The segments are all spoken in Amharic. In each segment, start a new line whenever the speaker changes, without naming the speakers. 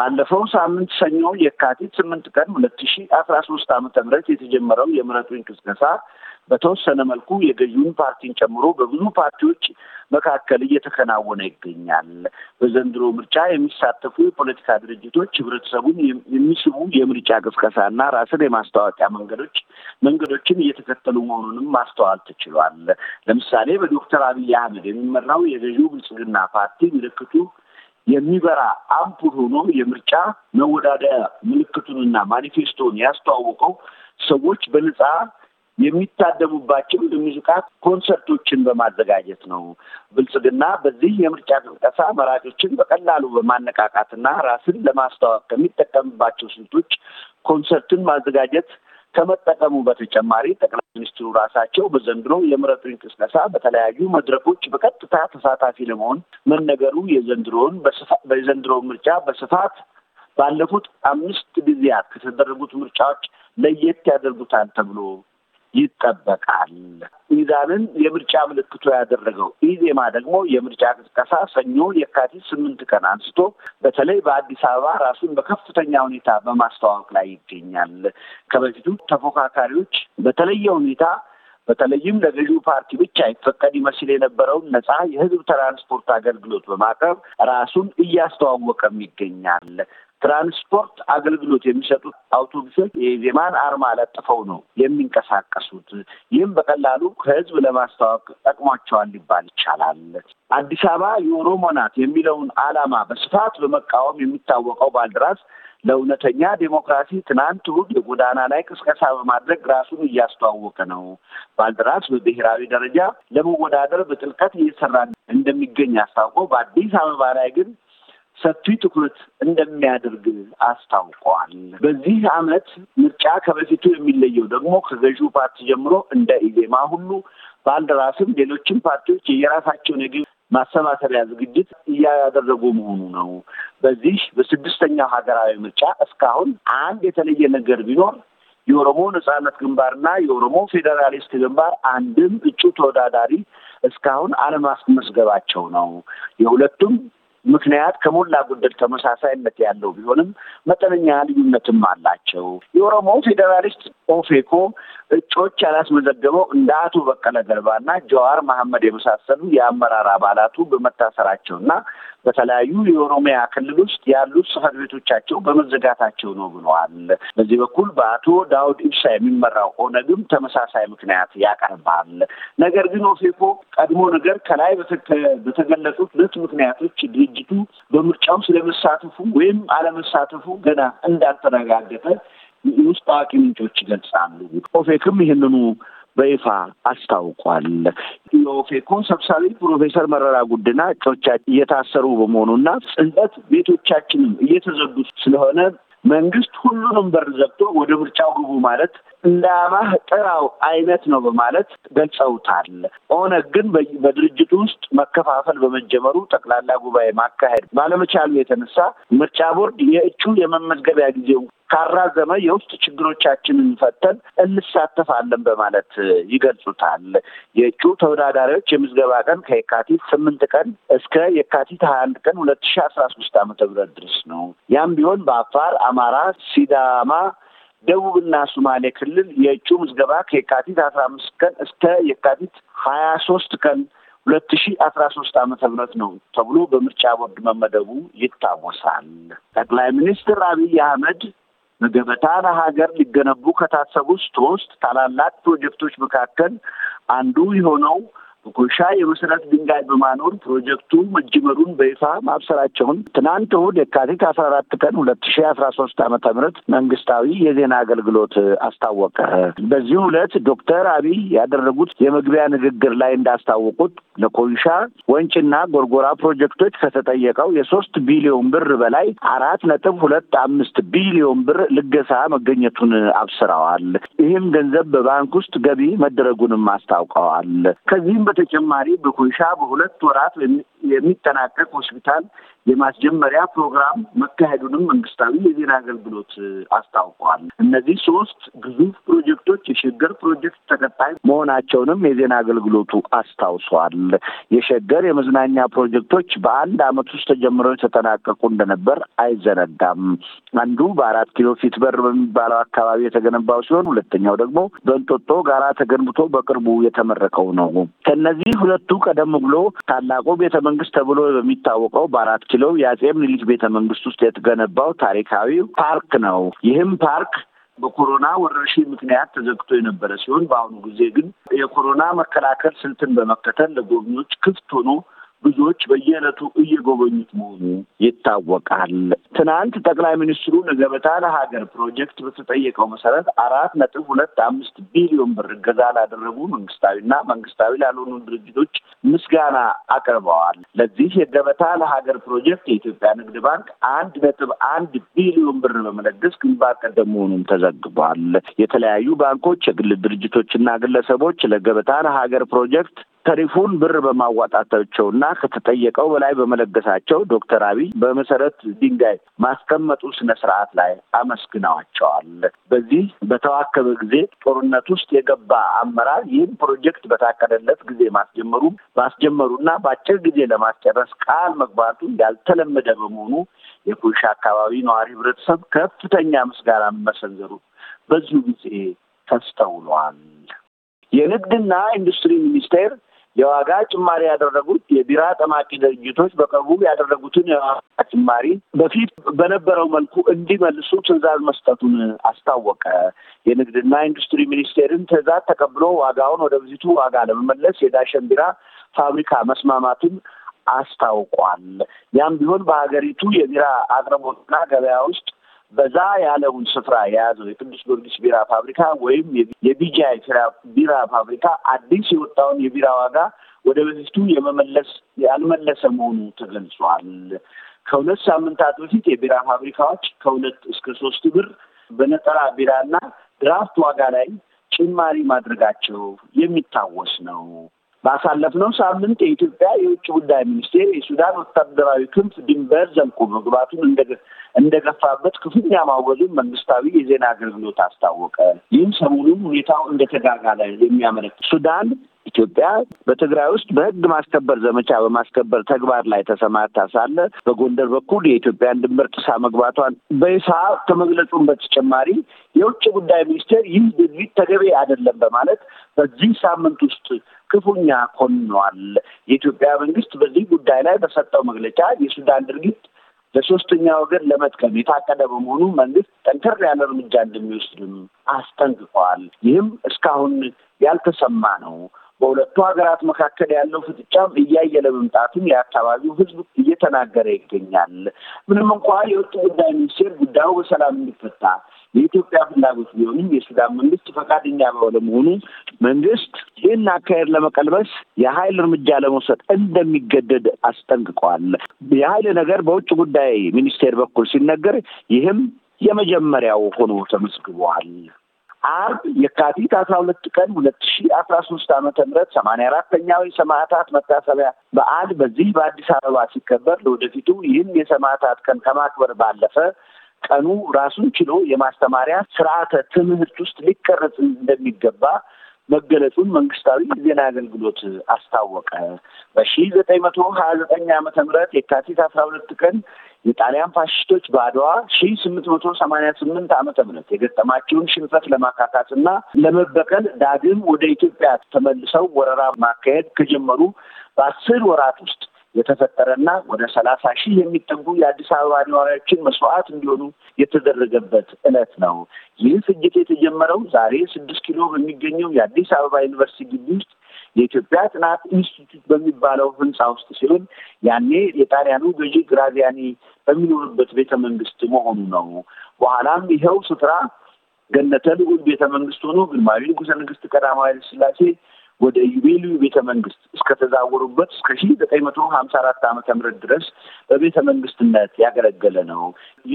ባለፈው ሳምንት ሰኞ የካቲት ስምንት ቀን ሁለት ሺ አስራ ሶስት አመተ ምህረት የተጀመረው የምረጡኝ ቅስቀሳ በተወሰነ መልኩ የገዢውን ፓርቲን ጨምሮ በብዙ ፓርቲዎች መካከል እየተከናወነ ይገኛል። በዘንድሮ ምርጫ የሚሳተፉ የፖለቲካ ድርጅቶች ህብረተሰቡን የሚስቡ የምርጫ ቅስቀሳና ራስን የማስታወቂያ መንገዶች መንገዶችን እየተከተሉ መሆኑንም ማስተዋል ተችሏል። ለምሳሌ በዶክተር አብይ አህመድ የሚመራው የገዢው ብልጽግና ፓርቲ ምልክቱ የሚበራ አምፑል ሆኖ የምርጫ መወዳደያ ምልክቱንና ማኒፌስቶን ያስተዋወቀው ሰዎች በነጻ የሚታደሙባቸው የሙዚቃ ኮንሰርቶችን በማዘጋጀት ነው። ብልጽግና በዚህ የምርጫ ቅስቀሳ መራጮችን በቀላሉ በማነቃቃትና ራስን ለማስተዋወቅ ከሚጠቀምባቸው ስልቶች ኮንሰርትን ማዘጋጀት ከመጠቀሙ በተጨማሪ ጠቅላይ ሚኒስትሩ ራሳቸው በዘንድሮ የምረጡኝ ቅስቀሳ በተለያዩ መድረኮች በቀጥታ ተሳታፊ ለመሆን መነገሩ የዘንድሮውን በዘንድሮው ምርጫ በስፋት ባለፉት አምስት ጊዜያት ከተደረጉት ምርጫዎች ለየት ያደርጉታል ተብሎ ይጠበቃል። ሚዛንን የምርጫ ምልክቱ ያደረገው ኢዜማ ደግሞ የምርጫ ቅስቀሳ ሰኞ የካቲት ስምንት ቀን አንስቶ በተለይ በአዲስ አበባ ራሱን በከፍተኛ ሁኔታ በማስተዋወቅ ላይ ይገኛል። ከበፊቱ ተፎካካሪዎች በተለየ ሁኔታ በተለይም ለገዢው ፓርቲ ብቻ ይፈቀድ ይመስል የነበረውን ነጻ የሕዝብ ትራንስፖርት አገልግሎት በማቅረብ ራሱን እያስተዋወቀም ይገኛል። ትራንስፖርት አገልግሎት የሚሰጡት አውቶቡሶች የኢዜማን አርማ ለጥፈው ነው የሚንቀሳቀሱት። ይህም በቀላሉ ከህዝብ ለማስተዋወቅ ጠቅሟቸዋል ሊባል ይቻላል። አዲስ አበባ የኦሮሞ ናት የሚለውን ዓላማ በስፋት በመቃወም የሚታወቀው ባልደራስ ለእውነተኛ ዴሞክራሲ ትናንት እሑድ የጎዳና ላይ ቅስቀሳ በማድረግ ራሱን እያስተዋወቀ ነው። ባልደራስ በብሔራዊ ደረጃ ለመወዳደር በጥልቀት እየሰራ እንደሚገኝ አስታውቆ በአዲስ አበባ ላይ ግን ሰፊ ትኩረት እንደሚያደርግ አስታውቋል። በዚህ ዓመት ምርጫ ከበፊቱ የሚለየው ደግሞ ከገዢው ፓርቲ ጀምሮ እንደ ኢዜማ ሁሉ ባልደራስም ሌሎችም ፓርቲዎች የየራሳቸውን የግብ ማሰባሰቢያ ዝግጅት እያደረጉ መሆኑ ነው። በዚህ በስድስተኛው ሀገራዊ ምርጫ እስካሁን አንድ የተለየ ነገር ቢኖር የኦሮሞ ነጻነት ግንባርና የኦሮሞ ፌዴራሊስት ግንባር አንድም እጩ ተወዳዳሪ እስካሁን አለማስመዝገባቸው ነው። የሁለቱም ምክንያት ከሞላ ጎደል ተመሳሳይነት ያለው ቢሆንም መጠነኛ ልዩነትም አላቸው። የኦሮሞ ፌዴራሊስት ኦፌኮ እጩዎች ያላስመዘገበው እንደ አቶ በቀለ እና ጀዋር መሐመድ የመሳሰሉ የአመራር አባላቱ በመታሰራቸው እና በተለያዩ የኦሮሚያ ክልል ውስጥ ያሉ ጽህፈት ቤቶቻቸው በመዘጋታቸው ነው ብለዋል። በዚህ በኩል በአቶ ዳውድ ኢብሳ የሚመራው ኦነግም ተመሳሳይ ምክንያት ያቀርባል። ነገር ግን ኦፌኮ ቀድሞ ነገር ከላይ በተገለጹት ሁለት ምክንያቶች ድርጅቱ በምርጫው ስለመሳተፉ ወይም አለመሳተፉ ገና እንዳልተረጋገጠ የውስጥ ታዋቂ ምንጮች ይገልጻሉ። ኦፌክም ይህንኑ በይፋ አስታውቋል። የኦፌኮ ሰብሳቢ ፕሮፌሰር መረራ ጉድና እጮቻቸው እየታሰሩ በመሆኑና ጽንፈት ቤቶቻችንም እየተዘጉ ስለሆነ መንግስት ሁሉንም በር ዘግቶ ወደ ምርጫው ግቡ ማለት እንዳማህ ጥራው አይነት ነው በማለት ገልጸውታል። ኦነግ ግን በድርጅቱ ውስጥ መከፋፈል በመጀመሩ ጠቅላላ ጉባኤ ማካሄድ ባለመቻሉ የተነሳ ምርጫ ቦርድ የእጩ የመመዝገቢያ ጊዜው ካራዘመ የውስጥ ችግሮቻችንን ፈተን እንሳተፋለን በማለት ይገልጹታል። የእጩ ተወዳዳሪዎች የምዝገባ ቀን ከየካቲት ስምንት ቀን እስከ የካቲት ሀያ አንድ ቀን ሁለት ሺ አስራ ሶስት አመተ ምህረት ድረስ ነው። ያም ቢሆን በአፋር፣ አማራ፣ ሲዳማ ደቡብና ሶማሌ ክልል የእጩ ምዝገባ ከየካቲት አስራ አምስት ቀን እስከ የካቲት ሀያ ሶስት ቀን ሁለት ሺ አስራ ሶስት ዓመተ ምህረት ነው ተብሎ በምርጫ ቦርድ መመደቡ ይታወሳል። ጠቅላይ ሚኒስትር አብይ አህመድ በገበታ ለሀገር ሊገነቡ ከታሰቡ ሶስት ታላላቅ ፕሮጀክቶች መካከል አንዱ የሆነው በኮይሻ የመሰረት ድንጋይ በማኖር ፕሮጀክቱ መጀመሩን በይፋ ማብሰራቸውን ትናንት እሑድ የካቲት አስራ አራት ቀን ሁለት ሺ አስራ ሶስት አመተ ምህረት መንግስታዊ የዜና አገልግሎት አስታወቀ። በዚህ ዕለት ዶክተር አብይ ያደረጉት የመግቢያ ንግግር ላይ እንዳስታወቁት ለኮይሻ ወንጭና ጎርጎራ ፕሮጀክቶች ከተጠየቀው የሶስት ቢሊዮን ብር በላይ አራት ነጥብ ሁለት አምስት ቢሊዮን ብር ልገሳ መገኘቱን አብስረዋል። ይህም ገንዘብ በባንክ ውስጥ ገቢ መደረጉንም አስታውቀዋል። ከዚህም በተጨማሪ በኮይሻ በሁለት ወራት የሚጠናቀቅ ሆስፒታል የማስጀመሪያ ፕሮግራም መካሄዱንም መንግስታዊ የዜና አገልግሎት አስታውቋል። እነዚህ ሶስት ግዙፍ ፕሮጀክቶች የሸገር ፕሮጀክት ተከታይ መሆናቸውንም የዜና አገልግሎቱ አስታውሷል። የሸገር የመዝናኛ ፕሮጀክቶች በአንድ አመት ውስጥ ተጀምረው የተጠናቀቁ እንደነበር አይዘነጋም። አንዱ በአራት ኪሎ ፊት በር በሚባለው አካባቢ የተገነባው ሲሆን ሁለተኛው ደግሞ በእንጦጦ ጋራ ተገንብቶ በቅርቡ የተመረቀው ነው። ከእነዚህ ሁለቱ ቀደም ብሎ ታላቁ ቤተ መንግስት ተብሎ በሚታወቀው በአራት ኪሎ የአጼ ምኒልክ ቤተ መንግስት ውስጥ የተገነባው ታሪካዊ ፓርክ ነው። ይህም ፓርክ በኮሮና ወረርሽኝ ምክንያት ተዘግቶ የነበረ ሲሆን በአሁኑ ጊዜ ግን የኮሮና መከላከል ስልትን በመከተል ለጎብኚዎች ክፍት ሆኖ ብዙዎች በየዕለቱ እየጎበኙት መሆኑ ይታወቃል። ትናንት ጠቅላይ ሚኒስትሩ ለገበታ ለሀገር ፕሮጀክት በተጠየቀው መሰረት አራት ነጥብ ሁለት አምስት ቢሊዮን ብር እገዛ ላደረጉ መንግስታዊና መንግስታዊ ላልሆኑ ድርጅቶች ምስጋና አቅርበዋል። ለዚህ የገበታ ለሀገር ፕሮጀክት የኢትዮጵያ ንግድ ባንክ አንድ ነጥብ አንድ ቢሊዮን ብር በመለገስ ግንባር ቀደም መሆኑም ተዘግቧል። የተለያዩ ባንኮች፣ የግል ድርጅቶችና ግለሰቦች ለገበታ ለሀገር ፕሮጀክት ተሪፉን ብር በማዋጣታቸው እና ከተጠየቀው በላይ በመለገሳቸው ዶክተር አብይ በመሰረት ድንጋይ ማስቀመጡ ስነ ስርዓት ላይ አመስግነዋቸዋል። በዚህ በተዋከበ ጊዜ ጦርነት ውስጥ የገባ አመራር ይህን ፕሮጀክት በታቀደለት ጊዜ ማስጀመሩ ማስጀመሩና በአጭር ጊዜ ለማስጨረስ ቃል መግባቱ ያልተለመደ በመሆኑ የኩሻ አካባቢ ነዋሪ ህብረተሰብ ከፍተኛ ምስጋና መሰንዘሩ በዚሁ ጊዜ ተስተውሏል። የንግድና ኢንዱስትሪ ሚኒስቴር የዋጋ ጭማሪ ያደረጉት የቢራ ጠማቂ ድርጅቶች በቅርቡ ያደረጉትን የዋጋ ጭማሪ በፊት በነበረው መልኩ እንዲመልሱ ትዕዛዝ መስጠቱን አስታወቀ። የንግድና ኢንዱስትሪ ሚኒስቴርን ትዕዛዝ ተቀብሎ ዋጋውን ወደ በፊቱ ዋጋ ለመመለስ የዳሸን ቢራ ፋብሪካ መስማማቱን አስታውቋል። ያም ቢሆን በሀገሪቱ የቢራ አቅርቦትና ገበያ ውስጥ በዛ ያለውን ስፍራ የያዘው የቅዱስ ጊዮርጊስ ቢራ ፋብሪካ ወይም የቢጂአይ ቢራ ፋብሪካ አዲስ የወጣውን የቢራ ዋጋ ወደ በፊቱ የመመለስ ያልመለሰ መሆኑ ተገልጿል። ከሁለት ሳምንታት በፊት የቢራ ፋብሪካዎች ከሁለት እስከ ሶስት ብር በነጠላ ቢራና ድራፍት ዋጋ ላይ ጭማሪ ማድረጋቸው የሚታወስ ነው። ባሳለፍነው ሳምንት የኢትዮጵያ የውጭ ጉዳይ ሚኒስቴር የሱዳን ወታደራዊ ክንፍ ድንበር ዘልቆ መግባቱን እንደገፋበት ክፉኛ ማወዙን መንግስታዊ የዜና አገልግሎት አስታወቀ። ይህም ሰሞኑን ሁኔታው እንደተጋጋለ የሚያመለክት ሱዳን ኢትዮጵያ በትግራይ ውስጥ በህግ ማስከበር ዘመቻ በማስከበር ተግባር ላይ ተሰማርታ ሳለ በጎንደር በኩል የኢትዮጵያን ድንበር ጥሳ መግባቷን በይፋ ከመግለጹን በተጨማሪ የውጭ ጉዳይ ሚኒስቴር ይህ ድርጊት ተገቢ አይደለም በማለት በዚህ ሳምንት ውስጥ ክፉኛ ኮንኗል። የኢትዮጵያ መንግስት በዚህ ጉዳይ ላይ በሰጠው መግለጫ የሱዳን ድርጊት ለሶስተኛ ወገን ለመጥቀም የታቀደ በመሆኑ መንግስት ጠንከር ያለ እርምጃ እንደሚወስድም አስጠንቅቀዋል። ይህም እስካሁን ያልተሰማ ነው። በሁለቱ ሀገራት መካከል ያለው ፍጥጫም እያየለ መምጣቱን የአካባቢው ሕዝብ እየተናገረ ይገኛል። ምንም እንኳ የውጭ ጉዳይ ሚኒስቴር ጉዳዩ በሰላም እንዲፈታ የኢትዮጵያ ፍላጎት ቢሆንም የሱዳን መንግስት ፈቃደኛ ባለመሆኑ መንግስት ይህን አካሄድ ለመቀልበስ የኃይል እርምጃ ለመውሰድ እንደሚገደድ አስጠንቅቋል። የኃይል ነገር በውጭ ጉዳይ ሚኒስቴር በኩል ሲነገር ይህም የመጀመሪያው ሆኖ ተመዝግቧል። አርብ የካቲት አስራ ሁለት ቀን ሁለት ሺ አስራ ሶስት አመተ ምህረት ሰማንያ አራተኛው የሰማዕታት መታሰቢያ በዓል በዚህ በአዲስ አበባ ሲከበር ለወደፊቱ ይህን የሰማዕታት ቀን ከማክበር ባለፈ ቀኑ ራሱን ችሎ የማስተማሪያ ስርዓተ ትምህርት ውስጥ ሊቀረጽ እንደሚገባ መገለጹን መንግስታዊ ዜና አገልግሎት አስታወቀ። በሺ ዘጠኝ መቶ ሀያ ዘጠኝ አመተ ምህረት የካቲት አስራ ሁለት ቀን የጣሊያን ፋሽስቶች በአድዋ ሺ ስምንት መቶ ሰማኒያ ስምንት ዓመተ ምህረት የገጠማቸውን ሽንፈት ለማካካስና ለመበቀል ዳግም ወደ ኢትዮጵያ ተመልሰው ወረራ ማካሄድ ከጀመሩ በአስር ወራት ውስጥ የተፈጠረና ወደ ሰላሳ ሺህ የሚጠጉ የአዲስ አበባ ነዋሪዎችን መስዋዕት እንዲሆኑ የተደረገበት እለት ነው። ይህ ፍጅት የተጀመረው ዛሬ ስድስት ኪሎ በሚገኘው የአዲስ አበባ ዩኒቨርሲቲ ግቢ ውስጥ የኢትዮጵያ ጥናት ኢንስቲትዩት በሚባለው ህንፃ ውስጥ ሲሆን ያኔ የጣሊያኑ ገዢ ግራዚያኒ በሚኖርበት ቤተ መንግስት መሆኑ ነው። በኋላም ይኸው ስፍራ ገነተ ልዑል ቤተ መንግስት ሆኖ ግርማዊ ንጉሰ ነገሥት ቀዳማዊ ኃይለ ሥላሴ ወደ ዩቤሊዩ ቤተ መንግስት እስከተዛወሩበት እስከ ሺ ዘጠኝ መቶ ሀምሳ አራት ዓመተ ምህረት ድረስ በቤተ መንግስትነት ያገለገለ ነው።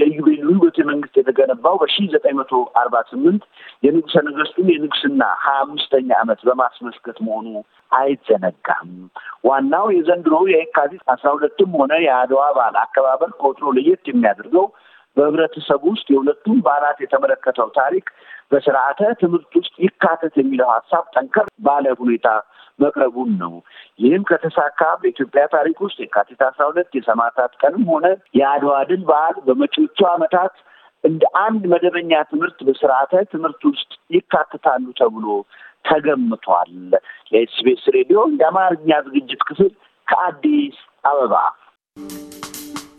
የዩቤልዩ ቤተ መንግስት የተገነባው በሺ ዘጠኝ መቶ አርባ ስምንት የንጉሰ ነገስቱን የንግስና ሀያ አምስተኛ ዓመት በማስመስገት መሆኑ አይዘነጋም። ዋናው የዘንድሮ የካቲት አስራ ሁለትም ሆነ የአድዋ በዓል አከባበር ከወትሮ ለየት የሚያደርገው በህብረተሰቡ ውስጥ የሁለቱም ባላት የተመለከተው ታሪክ በስርዓተ ትምህርት ውስጥ ይካተት የሚለው ሀሳብ ጠንከር ባለ ሁኔታ መቅረቡን ነው። ይህም ከተሳካ በኢትዮጵያ ታሪክ ውስጥ የካቲት አስራ ሁለት የሰማዕታት ቀንም ሆነ የአድዋ ድል በዓል በመጪዎቹ ዓመታት እንደ አንድ መደበኛ ትምህርት በስርዓተ ትምህርት ውስጥ ይካተታሉ ተብሎ ተገምቷል። ለኤስቢኤስ ሬዲዮ የአማርኛ ዝግጅት ክፍል ከአዲስ አበባ